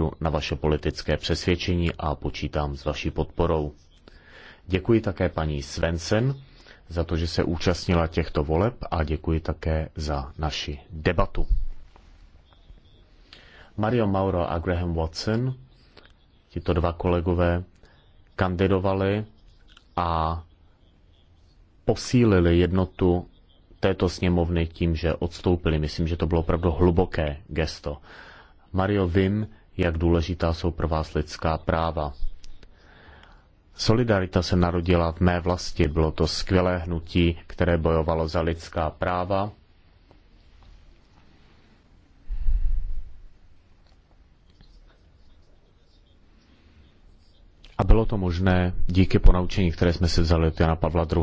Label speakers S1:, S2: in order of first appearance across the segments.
S1: ohledu na vaše politické přesvědčení a počítám s vaší podporou. Děkuji také paní Svensen za to, že se účastnila těchto voleb a děkuji také za naši debatu. Mario Mauro a Graham Watson, tito dva kolegové, kandidovali a posílili jednotu této sněmovny tím, že odstoupili. Myslím, že to bylo opravdu hluboké gesto. Mario, vím, jak důležitá jsou pro vás lidská práva. Solidarita se narodila v mé vlasti. Bylo to skvělé hnutí, které bojovalo za lidská práva. A bylo to možné díky ponaučení, které jsme si vzali od Jana Pavla II.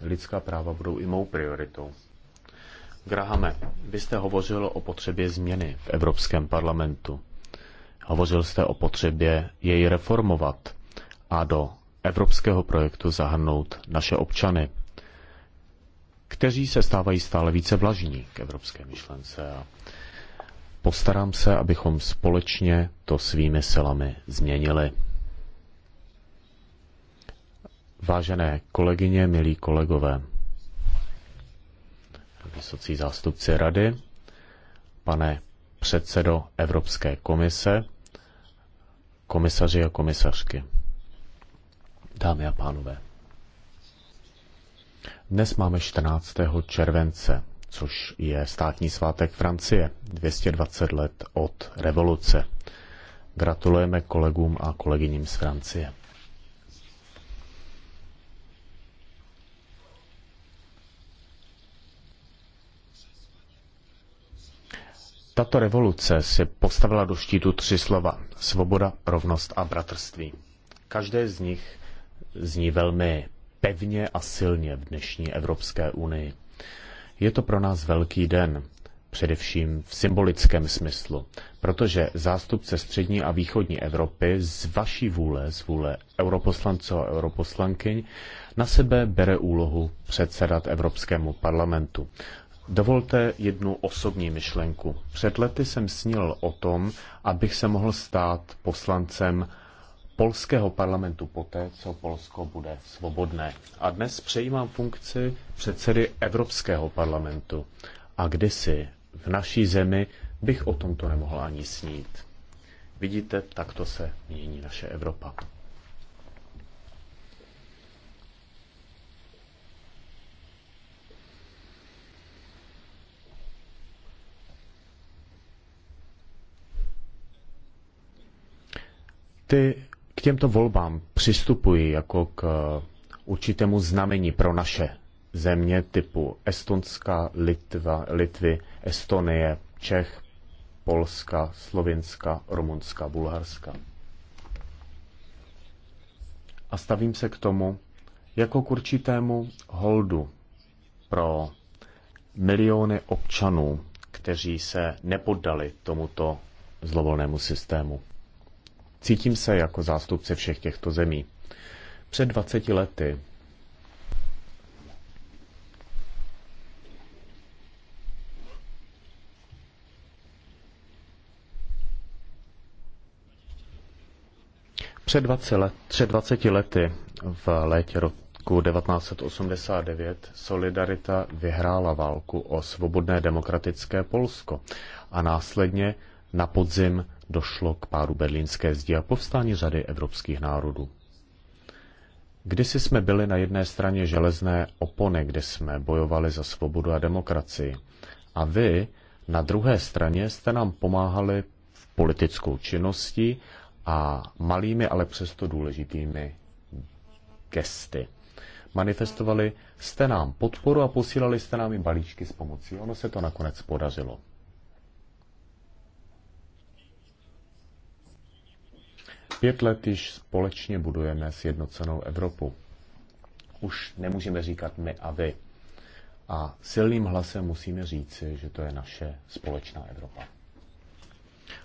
S1: Lidská práva budou i mou prioritou. Grahame, vy jste hovořil o potřebě změny v Evropském parlamentu. Hovořil jste o potřebě jej reformovat a do evropského projektu zahrnout naše občany, kteří se stávají stále více vlažní k evropské myšlence a postarám se, abychom společně to svými silami změnili. Vážené kolegyně, milí kolegové, vysocí zástupci rady, pane předsedo Evropské komise, komisaři a komisařky, dámy a pánové. Dnes máme 14. července, což je státní svátek Francie, 220 let od revoluce. Gratulujeme kolegům a kolegyním z Francie. Tato revoluce si postavila do štítu tři slova. Svoboda, rovnost a bratrství. Každé z nich zní velmi pevně a silně v dnešní Evropské unii. Je to pro nás velký den, především v symbolickém smyslu, protože zástupce střední a východní Evropy z vaší vůle, z vůle europoslanců a europoslankyň, na sebe bere úlohu předsedat Evropskému parlamentu. Dovolte jednu osobní myšlenku. Před lety jsem snil o tom, abych se mohl stát poslancem polského parlamentu poté, co Polsko bude svobodné. A dnes přejímám funkci předsedy Evropského parlamentu. A kdysi v naší zemi bych o tomto nemohl ani snít. Vidíte, takto se mění naše Evropa. ty, k těmto volbám přistupují jako k eh, určitému znamení pro naše země typu Estonska, Litva, Litvy, Estonie, Čech, Polska, Slovinska, Rumunska, Bulharska. A stavím se k tomu jako k určitému holdu pro miliony občanů, kteří se nepoddali tomuto zlovolnému systému. Cítím se jako zástupce všech těchto zemí. Před 20 lety Před 20, let, před 20 lety v létě roku 1989 Solidarita vyhrála válku o svobodné demokratické Polsko a následně na podzim došlo k páru berlínské zdi a povstání řady evropských národů. Kdysi jsme byli na jedné straně železné opony, kde jsme bojovali za svobodu a demokracii. A vy na druhé straně jste nám pomáhali v politickou činnosti a malými, ale přesto důležitými gesty. Manifestovali jste nám podporu a posílali jste nám i balíčky s pomocí. Ono se to nakonec podařilo. Pět let již společně budujeme sjednocenou Evropu. Už nemůžeme říkat my a vy. A silným hlasem musíme říci, že to je naše společná Evropa.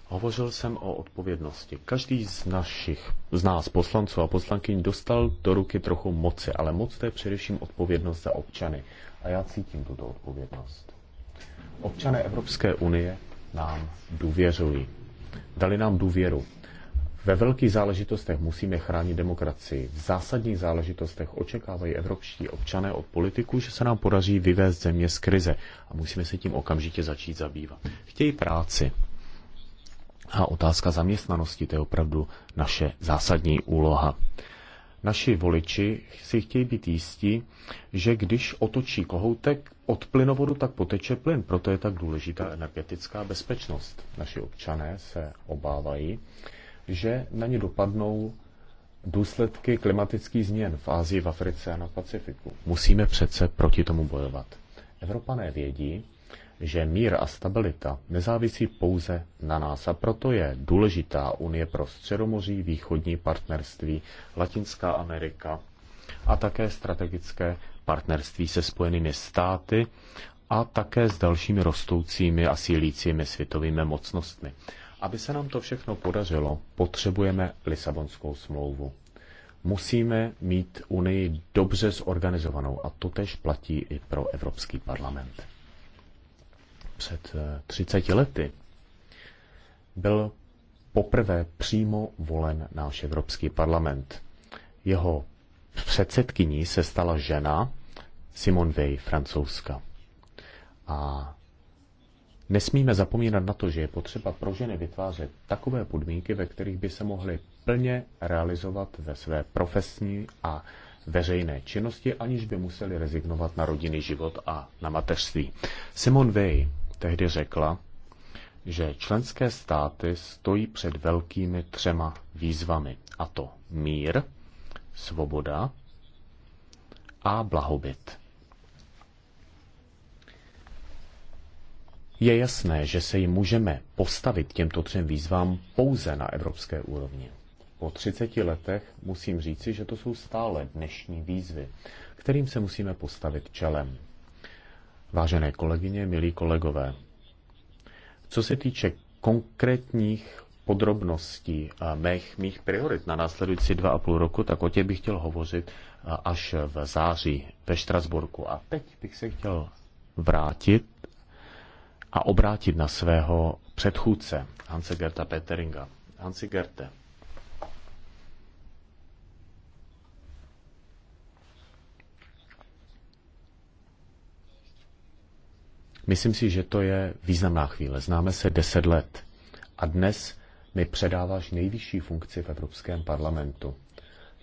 S1: Hovořil jsem o odpovědnosti. Každý z našich, z nás poslanců a poslankyň dostal do ruky trochu moci, ale moc to je především odpovědnost za občany. A já cítím tuto odpovědnost. Občané Evropské unie nám důvěřují. Dali nám důvěru ve velkých záležitostech musíme chránit demokracii. V zásadních záležitostech očekávají evropští občané od politiků, že se nám podaří vyvést země z krize a musíme se tím okamžitě začít zabývat. Chtějí práci. A otázka zaměstnanosti, to je opravdu naše zásadní úloha. Naši voliči si chtějí být jistí, že když otočí kohoutek od plynovodu, tak poteče plyn. Proto je tak důležitá energetická bezpečnost. Naši občané se obávají, že na ně dopadnou důsledky klimatických změn v Ázii, v Africe a na Pacifiku. Musíme přece proti tomu bojovat. Evropané vědí, že mír a stabilita nezávisí pouze na nás a proto je důležitá Unie pro středomoří, východní partnerství, Latinská Amerika a také strategické partnerství se spojenými státy a také s dalšími rostoucími a sílícími světovými mocnostmi. Aby se nám to všechno podařilo, potřebujeme Lisabonskou smlouvu. Musíme mít Unii dobře zorganizovanou a to tež platí i pro Evropský parlament. Před 30 eh, lety byl poprvé přímo volen náš Evropský parlament. Jeho předsedkyní se stala žena Simone Weil, francouzska. A Nesmíme zapomínat na to, že je potřeba pro ženy vytvářet takové podmínky, ve kterých by se mohly plně realizovat ve své profesní a veřejné činnosti, aniž by museli rezignovat na rodinný život a na mateřství. Simon Vej tehdy řekla, že členské státy stojí před velkými třema výzvami, a to mír, svoboda a blahobyt. Je jasné, že se jim můžeme postavit těmto třem výzvám pouze na evropské úrovni. Po 30 letech musím říci, že to jsou stále dnešní výzvy, kterým se musíme postavit čelem. Vážené kolegyně, milí kolegové, co se týče konkrétních podrobností mých, mých priorit na následující dva a půl roku, tak o tě bych chtěl hovořit až v září ve Štrasburku. A teď bych se chtěl vrátit a obrátit na svého předchůdce Hanse Gerta Peteringa. Hansi Gerte. Myslím si, že to je významná chvíle. Známe se deset let a dnes mi předáváš nejvyšší funkci v Evropském parlamentu.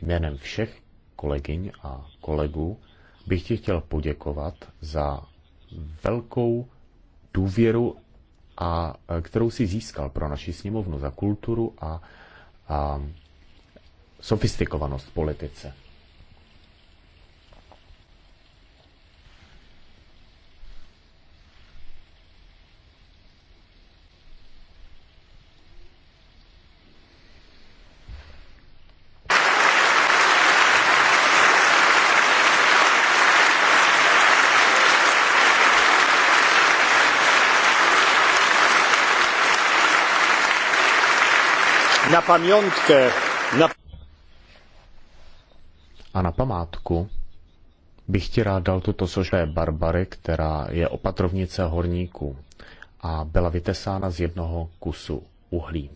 S1: Jménem všech kolegyň a kolegů bych ti chtěl poděkovat za velkou důvěru, a, eh, kterou si získal pro naši sněmovnu za kulturu a, a sofistikovanost politice. na pamiątkę. Na... A na památku bych ti rád dal tuto sošé Barbary, která je opatrovnice horníků a byla vytesána z jednoho kusu uhlí.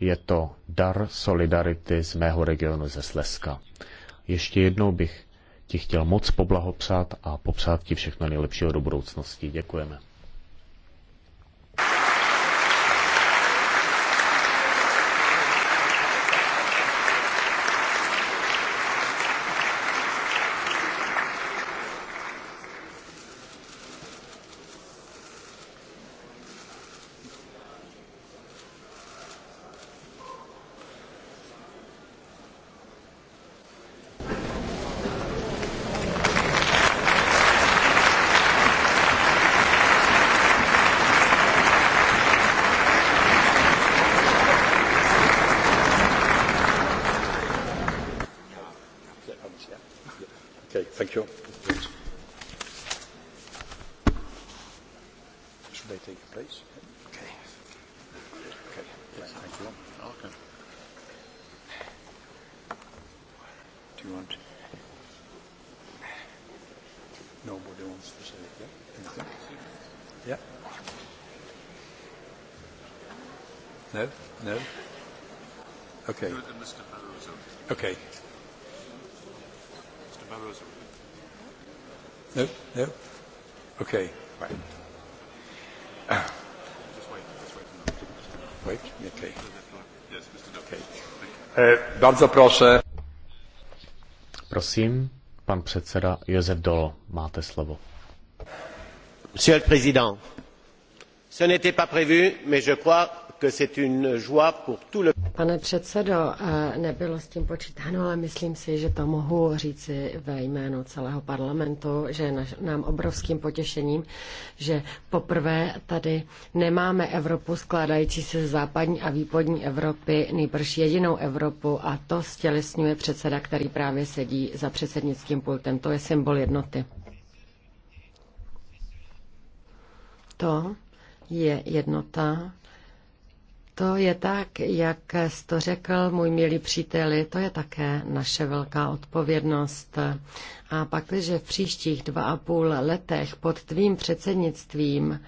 S1: Je to dar solidarity z mého regionu ze Slezska. Ještě jednou bych ti chtěl moc poblahopřát a popřát ti všechno nejlepšího do budoucnosti. Děkujeme. Okay. Okay. Mr. Barroso. No, no. Okay. Right.
S2: Just wait. Okay.
S1: Okay. Eh, bardzo proszę. Prosím, pan předseda Josef Dolo, máte slovo. Monsieur le Président, ce n'était pas prévu, mais je crois
S3: Pane předsedo, eh, nebylo s tím počítáno, ale myslím si, že to mohu říci ve jménu celého parlamentu, že je nám obrovským potěšením, že poprvé tady nemáme Evropu skládající se z západní a východní Evropy, nejprž jedinou Evropu a to stělesňuje předseda, který právě sedí za předsednickým pultem. To je symbol jednoty. To je jednota to je tak, jak jsi to řekl, můj milý příteli, to je také naše velká odpovědnost. A pak, že v příštích dva a půl letech pod tvým předsednictvím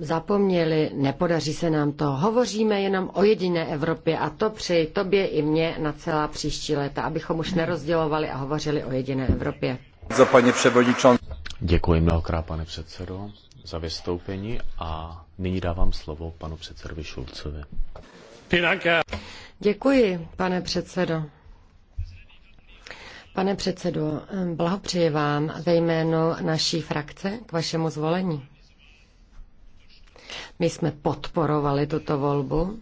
S3: zapomněli, nepodaří se nám to. Hovoříme jenom o jediné Evropě a to přeji tobě i mně na celá příští léta, abychom už nerozdělovali a hovořili o jediné Evropě.
S1: Děkuji mnohokrát, pane předsedo za vystoupení a nyní dávám slovo panu předsedovi Šulcovi.
S3: Děkuji, pane předsedo. Pane předsedo, eh, blahopřeji vám ve jménu naší frakce k vašemu zvolení. My jsme podporovali tuto volbu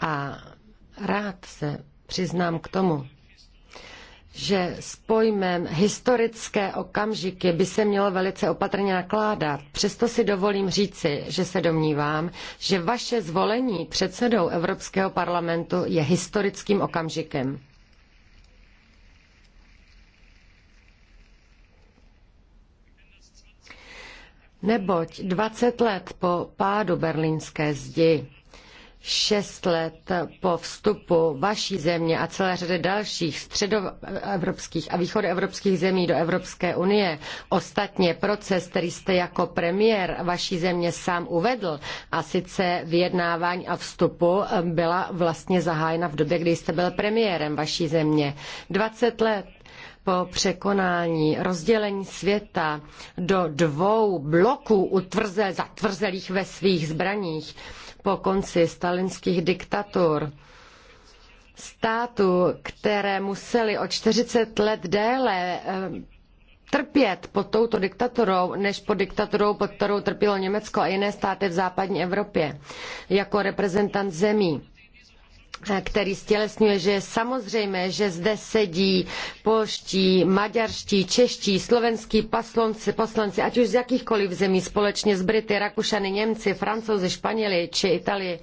S3: a rád se přiznám k tomu, že s pojmem historické okamžiky by se mělo velice opatrně nakládat. Přesto si dovolím říci, že se domnívám, že vaše zvolení předsedou Evropského parlamentu je historickým okamžikem. Neboť 20 let po pádu berlínské zdi šest let po vstupu vaší země a celé řady dalších středoevropských a východoevropských zemí do Evropské unie, ostatně proces, který jste jako premiér vaší země sám uvedl, a sice vyjednávání a vstupu byla vlastně zahájena v době, kdy jste byl premiérem vaší země. 20 let po překonání rozdělení světa do dvou bloků utvrze, zatvrzelých ve svých zbraních po konci stalinských diktatur státu, které museli o 40 let déle eh, trpět pod touto diktaturou, než pod diktaturou, pod kterou trpělo Německo a jiné státy v západní Evropě, jako reprezentant zemí Eh, který stělesňuje, že je samozřejmé, že zde sedí polští, maďarští, čeští, slovenský poslanci, poslanci, ať už z jakýchkoliv zemí, společně s Brity, Rakušany, Němci, Francouzi, Španěli či Italii.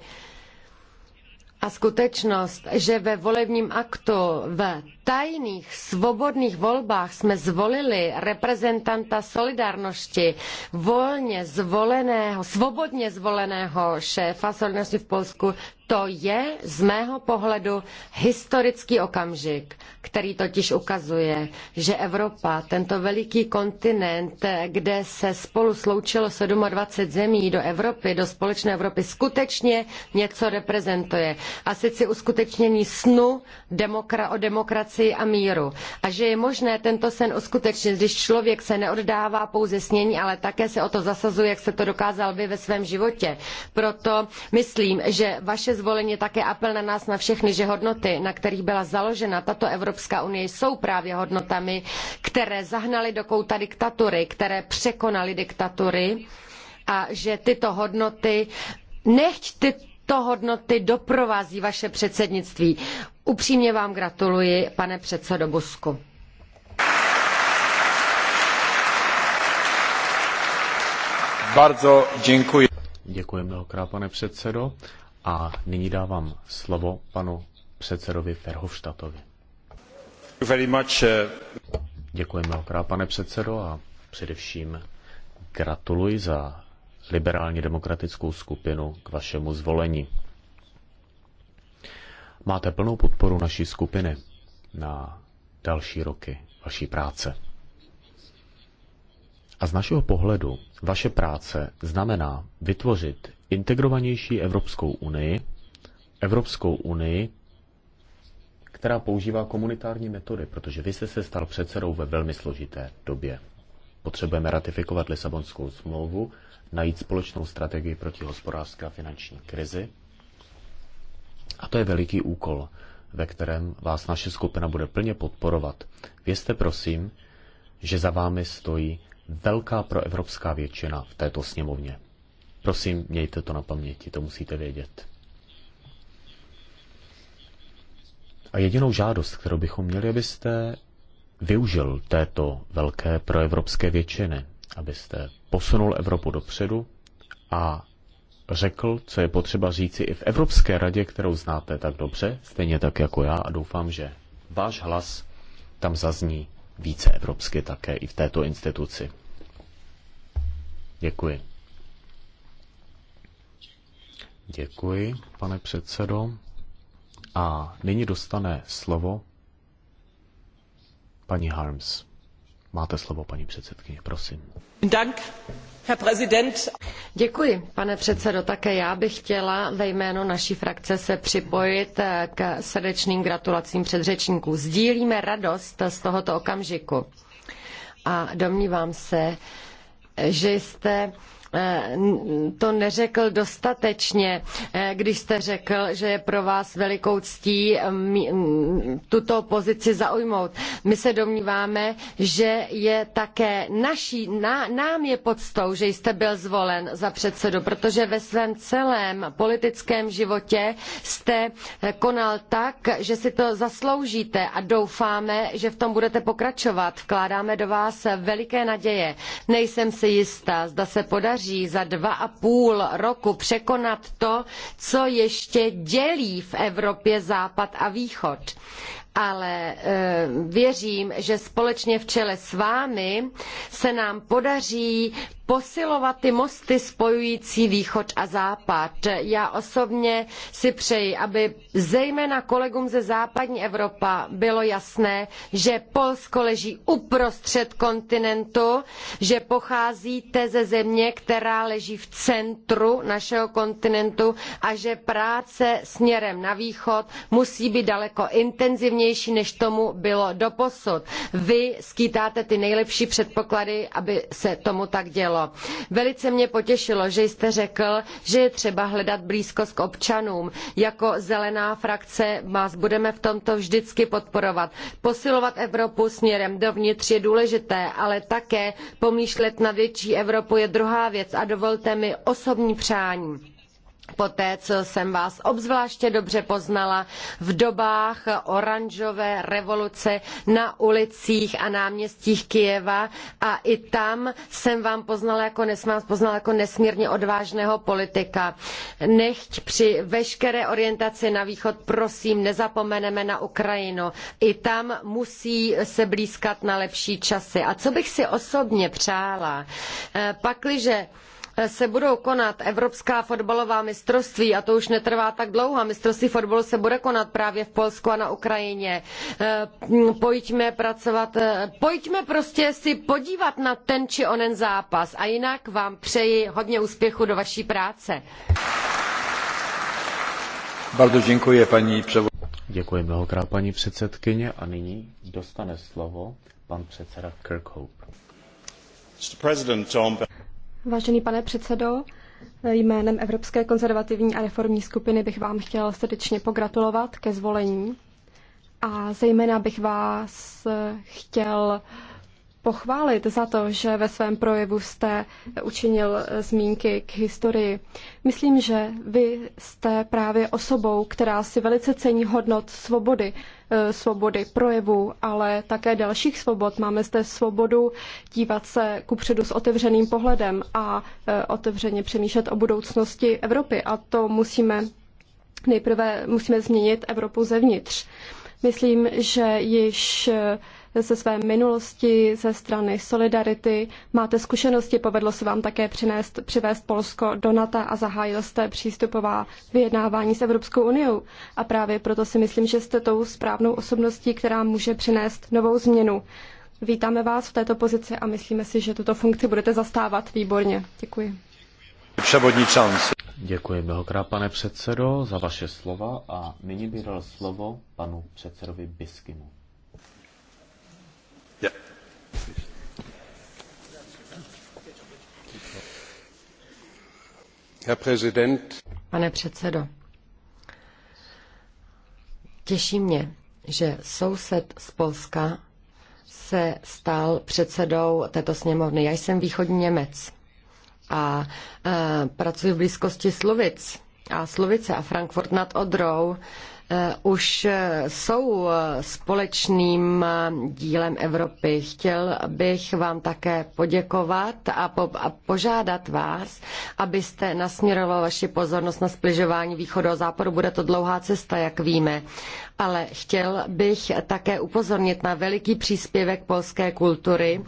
S3: A skutečnost, že ve volebním aktu v tajných svobodných volbách jsme zvolili reprezentanta Solidarnosti, volně zvoleného, svobodně zvoleného šéfa Solidarnosti v Polsku, to je z mého pohledu historický okamžik, který totiž ukazuje, že Evropa, tento veliký kontinent, kde se spolu sloučilo 27 zemí do Evropy, do společné Evropy, skutečně něco reprezentuje. A sice uskutečnění snu demokra- o demokracii a míru. A že je možné tento sen uskutečnit, když člověk se neoddává pouze snění, ale také se o to zasazuje, jak se to dokázal vy ve svém životě. Proto myslím, že vaše zvoleni také apel na nás, na všechny, že hodnoty, na kterých byla založena tato Evropská unie, jsou právě hodnotami, které zahnaly do kouta diktatury, které překonaly diktatury a že tyto hodnoty, nechť tyto hodnoty doprovází vaše předsednictví. Upřímně vám gratuluji, pane předsedo Busku.
S1: Bardzo děkuji. Děkuji mnohokrát, pane předsedo. A nyní dávám slovo panu předsedovi Ferhovštatovi. Uh, Děkuji mnohokrát, pane předsedo, a především gratuluji za liberálně demokratickou skupinu k vašemu zvolení. Máte plnou podporu naší skupiny na další roky vaší práce. A z našeho pohledu vaše práce znamená vytvořit integrovanější Evropskou unii, Evropskou unii, která používá komunitární metody, protože vy jste se stal předsedou ve velmi složité době. Potřebujeme ratifikovat Lisabonskou smlouvu, najít společnou strategii proti hospodářské a finanční krizi. A to je veliký úkol, ve kterém vás naše skupina bude plně podporovat. Vězte prosím, že za vámi stojí velká proevropská většina v této sněmovně. Prosím, mějte to na paměti, to musíte vědět. A jedinou žádost, kterou bychom měli, abyste využil této velké proevropské většiny, abyste posunul Evropu dopředu a řekl, co je potřeba říci i v Evropské radě, kterou znáte tak dobře, stejně tak jako já a doufám, že váš hlas tam zazní více evropsky také i v této instituci. Děkuji. Děkuji, pane předsedo. A nyní dostane slovo paní Harms. Máte slovo, paní předsedkyně, prosím.
S2: Dank.
S3: Děkuji, pane předsedo. Také já bych chtěla ve jménu naší frakce se připojit eh, k srdečným gratulacím předřečníků. Sdílíme radost z tohoto okamžiku. A domnívám se, že jste Eh, to neřekl dostatečně, eh, když jste řekl, že je pro vás velikou ctí eh, tuto pozici zaujmout. My se domníváme, že je také naší, nám je podstou, že jste byl zvolen za předsedu, protože ve svém celém politickém životě jste konal tak, že si to zasloužíte a doufáme, že v tom budete pokračovat. Vkládáme do vás veliké naděje. Nejsem si jistá, zda se podaří podaří za dva a půl roku překonat to, co ještě dělí v Evropě západ a východ ale eh, věřím, že společně v čele s vámi se nám podaří posilovat ty mosty spojující východ a západ. Já osobně si přeji, aby zejména kolegům ze západní Evropy bylo jasné, že Polsko leží uprostřed kontinentu, že pocházíte ze země, která leží v centru našeho kontinentu a že práce směrem na východ musí být daleko intenzivnější efektivnější, než tomu bylo doposud. Vy skýtáte ty nejlepší předpoklady, aby se tomu tak dělo. Velice mě potěšilo, že jste řekl, že je třeba hledat blízkost k občanům. Jako zelená frakce vás budeme v tomto vždycky podporovat. Posilovat Evropu směrem dovnitř je důležité, ale také pomýšlet na větší Evropu je druhá věc a dovolte mi osobní přání poté, co jsem vás obzvláště dobře poznala v dobách oranžové revoluce na ulicích a náměstích Kyjeva a i tam jsem vám poznala jako, vás poznala jako nesmírně odvážného politika. Nechť při veškeré orientaci na východ prosím nezapomeneme na Ukrajinu. I tam musí se blízkat na lepší časy. A co bych si osobně přála? Eh, pakliže se budou konat evropská fotbalová mistrovství a to už netrvá tak dlouho. Mistrovství fotbalu se bude konat právě v Polsku a na Ukrajině. E, pojďme pracovat, e, pojďme prostě si podívat na ten či onen zápas a jinak vám přeji hodně úspěchu do vaší práce.
S1: Bardzo dziękuję pani Děkuji mnohokrát paní předsedkyně a nyní dostane slovo pan předseda Kirkhope.
S2: Vážený pane předsedo, jménem Evropské konzervativní a reformní skupiny bych vám chtěl srdečně pogratulovat ke zvolení a zejména bych vás chtěl pochválit za to, že ve svém projevu jste učinil eh, zmínky k historii. Myslím, že vy jste právě osobou, která si velice cení hodnot svobody, eh, svobody projevu, ale také dalších svobod. Máme zde svobodu dívat se kupředu s otevřeným pohledem a eh, otevřeně přemýšlet o budoucnosti Evropy. A to musíme nejprve musíme změnit Evropu zevnitř. Myslím, že již ze své minulosti, ze strany Solidarity. Máte zkušenosti, povedlo se vám také přinést, přivést Polsko do NATO a zahájil jste přístupová vyjednávání s Evropskou uniou. A právě proto si myslím, že jste tou správnou osobností, která může přinést novou změnu. Vítáme vás v této pozici a myslíme si, že tuto funkci budete zastávat výborně. Děkuji.
S1: Děkuji mnohokrát, pane předsedo, za vaše slova a nyní bych dal slovo panu předsedovi Biskimu.
S3: Pane předsedo, těší mě, že soused z Polska se stal předsedou této sněmovny. Já jsem východní Němec a, a pracuji v blízkosti Slovic a Slovice a Frankfurt nad Odrou eh, už eh, jsou eh, společným dílem Evropy. Chtěl bych vám také poděkovat a, po, a požádat vás, abyste nasměroval vaši pozornost na spližování východu a západu. Bude to dlouhá cesta, jak víme. Ale chtěl bych také upozornit na veliký příspěvek polské kultury,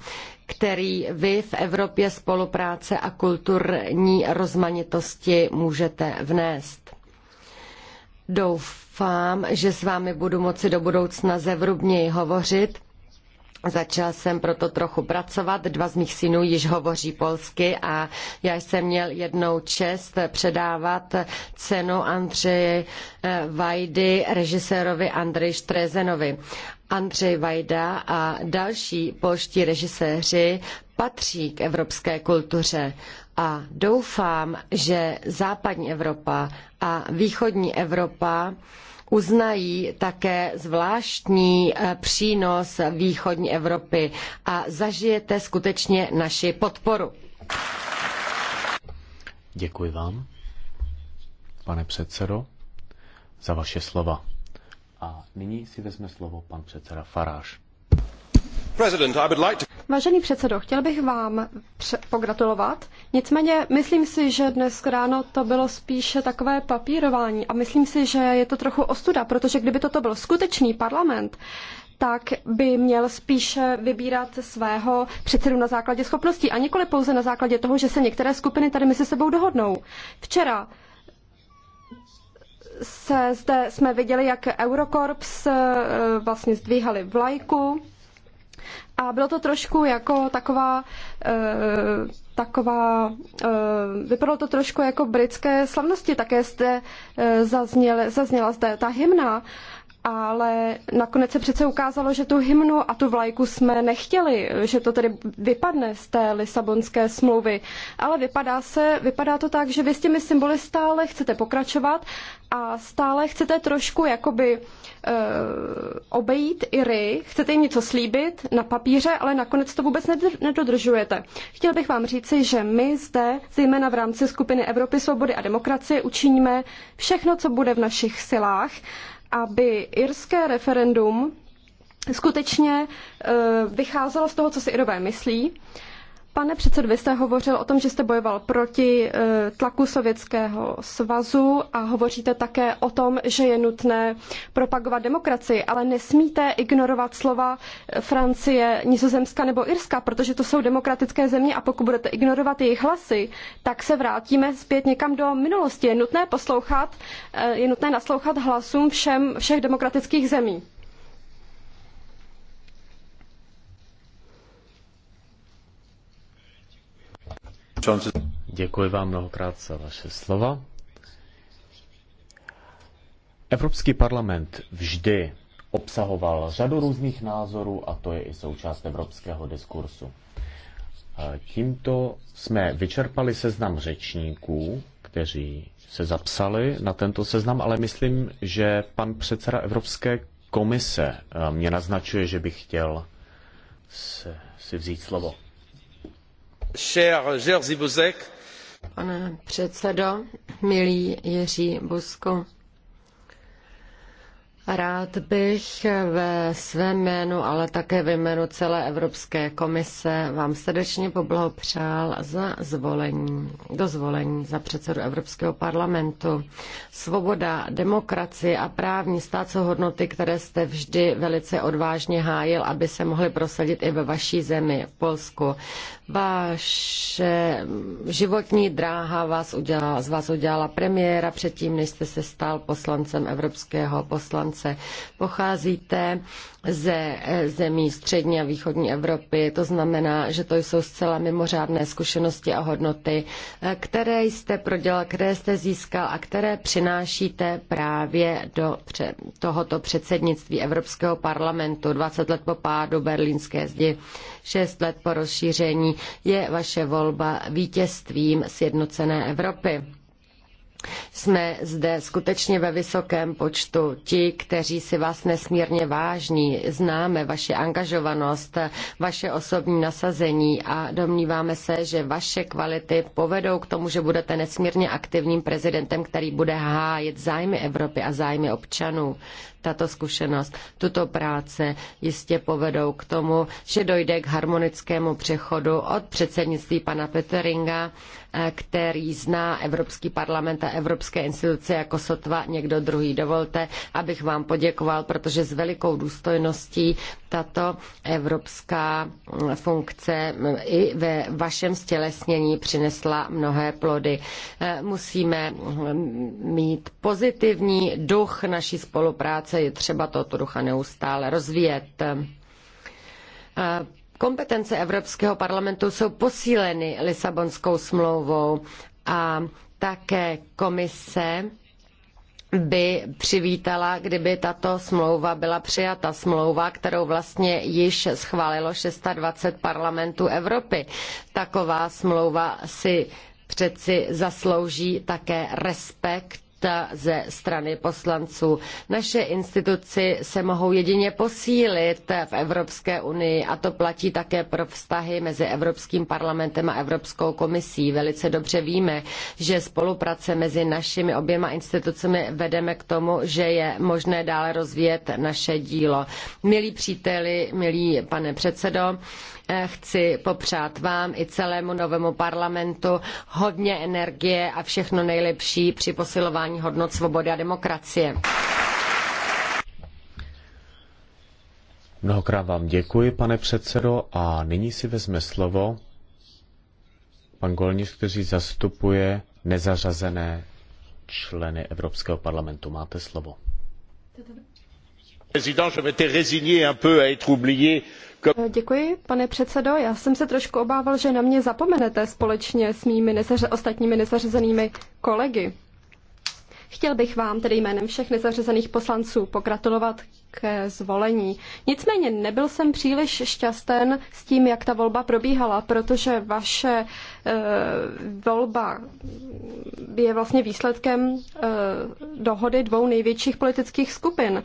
S3: který vy v Evropě spolupráce a kulturní rozmanitosti můžete vnést. Doufám, že s vámi budu moci do budoucna zevrubněji hovořit Začal jsem proto trochu pracovat, dva z mých synů již hovoří polsky a já jsem měl jednou čest předávat cenu Andřeji eh, Vajdy režisérovi Andreji Štrezenovi. Andřej Vajda a další polští režiséři patří k evropské kultuře a doufám, že západní Evropa a východní Evropa uznají také zvláštní eh, přínos východní Evropy a zažijete skutečně naši podporu.
S1: Děkuji vám, pane předsedo, za vaše slova. A nyní si vezme slovo pan předseda Faráš.
S3: President, I would like to...
S2: Vážený předsedo, chtěl bych vám pogratulovat. Nicméně myslím si, že dnes ráno to bylo spíše takové papírování a myslím si, že je to trochu ostuda, protože kdyby toto byl skutečný parlament, tak by měl spíše vybírat svého předsedu na základě schopností a nikoli pouze na základě toho, že se některé skupiny tady mezi sebou dohodnou. Včera se zde jsme viděli, jak Eurokorps eh, vlastně zdvíhali vlajku, a bylo to trošku jako taková, eh, taková uh, vypadalo to trošku jako britské slavnosti, také zde eh, zazněla zde ta hymna ale nakonec se přece ukázalo, že tu hymnu a tu vlajku jsme nechtěli, že to tedy vypadne z té Lisabonské smlouvy. Ale vypadá, se, vypadá to tak, že vy s těmi symboly stále chcete pokračovat a stále chcete trošku jakoby e, obejít Iry, chcete jim něco slíbit na papíře, ale nakonec to vůbec nedodržujete. Chtěl bych vám říci, že my zde, zejména v rámci skupiny Evropy svobody a demokracie, učiníme všechno, co bude v našich silách, aby irské referendum skutečně eh, vycházelo z toho, co si Irové myslí Pane předsedo, vy jste hovořil o tom, že jste bojoval proti eh, tlaku Sovětského svazu a hovoříte také o tom, že je nutné propagovat demokracii, ale nesmíte ignorovat slova eh, Francie, Nizozemska nebo Irska, protože to jsou demokratické země a pokud budete ignorovat jejich hlasy, tak se vrátíme zpět někam do minulosti. Je nutné poslouchat, eh, je nutné naslouchat hlasům všem, všech demokratických zemí.
S1: Děkuji vám mnohokrát za vaše slova. Evropský parlament vždy obsahoval řadu různých názorů a to je i součást evropského diskursu. Tímto jsme vyčerpali seznam řečníků, kteří se zapsali na tento seznam, ale myslím, že pan předseda Evropské komise eh, mě naznačuje, že bych chtěl si vzít slovo.
S3: Pane předsedo, milý Jiří Busko, Rád bych ve svém jménu, ale také ve jménu celé Evropské komise vám srdečně poblahopřál za zvolení, do zvolení za předsedu Evropského parlamentu. Svoboda, demokracie a právní stát jsou hodnoty, které jste vždy velice odvážně hájil, aby se mohly prosadit i ve vaší zemi, v Polsku. Vaše životní dráha vás udělala, z vás udělala premiéra předtím, než jste se stal poslancem Evropského poslance konference. Pocházíte ze eh, zemí střední a východní Evropy, to znamená, že to jsou zcela mimořádné zkušenosti a hodnoty, eh, které jste prodělal, které jste získal a které přinášíte právě do tohoto předsednictví Evropského parlamentu 20 let po pádu berlínské zdi, 6 let po rozšíření je vaše volba vítězstvím sjednocené Evropy jsme zde skutečně ve vysokém počtu. Ti, kteří si vás nesmírně vážní, známe vaši angažovanost, vaše osobní nasazení a domníváme se, že vaše kvality povedou k tomu, že budete nesmírně aktivním prezidentem, který bude hájit zájmy Evropy a zájmy občanů. Tato zkušenost, tuto práce jistě povedou k tomu, že dojde k harmonickému přechodu od předsednictví pana Peteringa Eh, který zná Evropský parlament a Evropské instituce jako sotva někdo druhý. Dovolte, abych vám poděkoval, protože s velikou důstojností tato evropská eh, funkce eh, i ve vašem stělesnění přinesla mnohé plody. Musíme hm, mít pozitivní duch naší spolupráce, je třeba toto ducha neustále rozvíjet Kompetence Evropského parlamentu jsou posíleny Lisabonskou smlouvou a také komise by přivítala, kdyby tato smlouva byla přijata. Smlouva, kterou vlastně již schválilo 620 parlamentů Evropy. Taková smlouva si přeci zaslouží také respekt ze strany poslanců. Naše instituci se mohou jedině posílit v Evropské unii a to platí také pro vztahy mezi Evropským parlamentem a Evropskou komisí. Velice dobře víme, že spolupráce mezi našimi oběma institucemi vedeme k tomu, že je možné dále rozvíjet naše dílo. Milí příteli, milí pane předsedo, chci popřát vám i celému novému parlamentu hodně energie a všechno nejlepší při posilování hodnot svobody a demokracie.
S1: Mnohokrát vám děkuji, pane předsedo, a nyní si vezme slovo pan Golniš, který zastupuje nezařazené členy Evropského parlamentu. Máte slovo. Eh,
S2: děkuji, pane předsedo. Já jsem se trošku obával, že na mě zapomenete společně s mými ostatními nezařazenými kolegy. Chtěl bych vám tedy jménem všech nezařazených poslanců pogratulovat k zvolení. Nicméně nebyl jsem příliš šťasten s tím, jak ta volba probíhala, protože vaše e, volba je vlastně výsledkem e, dohody dvou největších politických skupin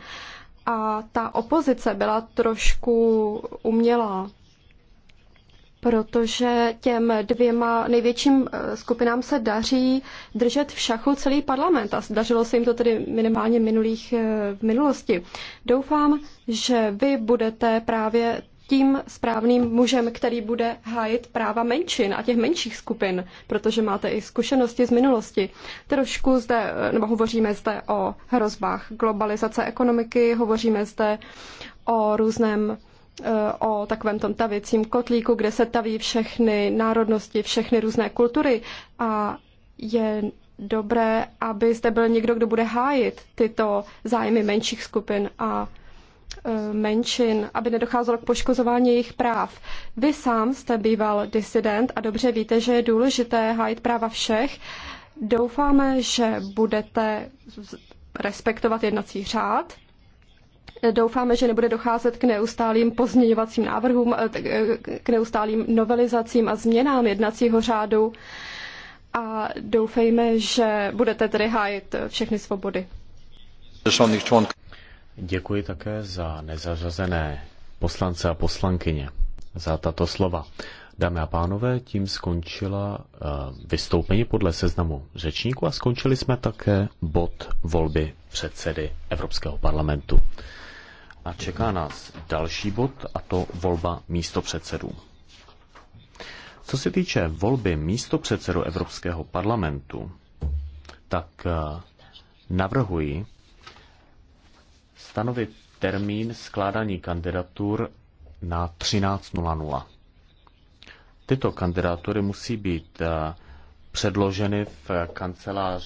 S2: a ta opozice byla trošku umělá, protože těm dvěma největším eh, skupinám se daří držet v šachu celý parlament a dařilo se jim to tedy minimálně minulých, eh, v minulosti. Doufám, že vy budete právě tím správným mužem, který bude hájit práva menšin a těch menších skupin, protože máte i zkušenosti z minulosti. Trošku zde, nebo hovoříme zde o hrozbách globalizace ekonomiky, hovoříme zde o různém eh, o takovém tom tavicím kotlíku, kde se taví všechny národnosti, všechny různé kultury a je dobré, aby zde byl někdo, kdo bude hájit tyto zájmy menších skupin a Eh, menšin, aby nedocházelo k poškozování jejich práv. Vy sám jste býval disident a dobře víte, že je důležité hájit práva všech. Doufáme, že budete respektovat jednací řád. Doufáme, že nebude docházet k neustálým pozměňovacím návrhům, eh, eh, k neustálým novelizacím a změnám jednacího řádu a doufejme, že budete tedy hájit všechny svobody.
S1: Děkuji také za nezařazené poslance a poslankyně za tato slova. Dámy a pánové, tím skončila eh, vystoupení podle seznamu řečníků a skončili jsme také bod volby předsedy Evropského parlamentu. A čeká nás další bod a to volba místopředsedů. Co se týče volby místopředsedu Evropského parlamentu, tak eh, navrhuji, stanovit termín skládání kandidatur na 13.00. Tyto kandidatury musí být eh, předloženy v kanceláři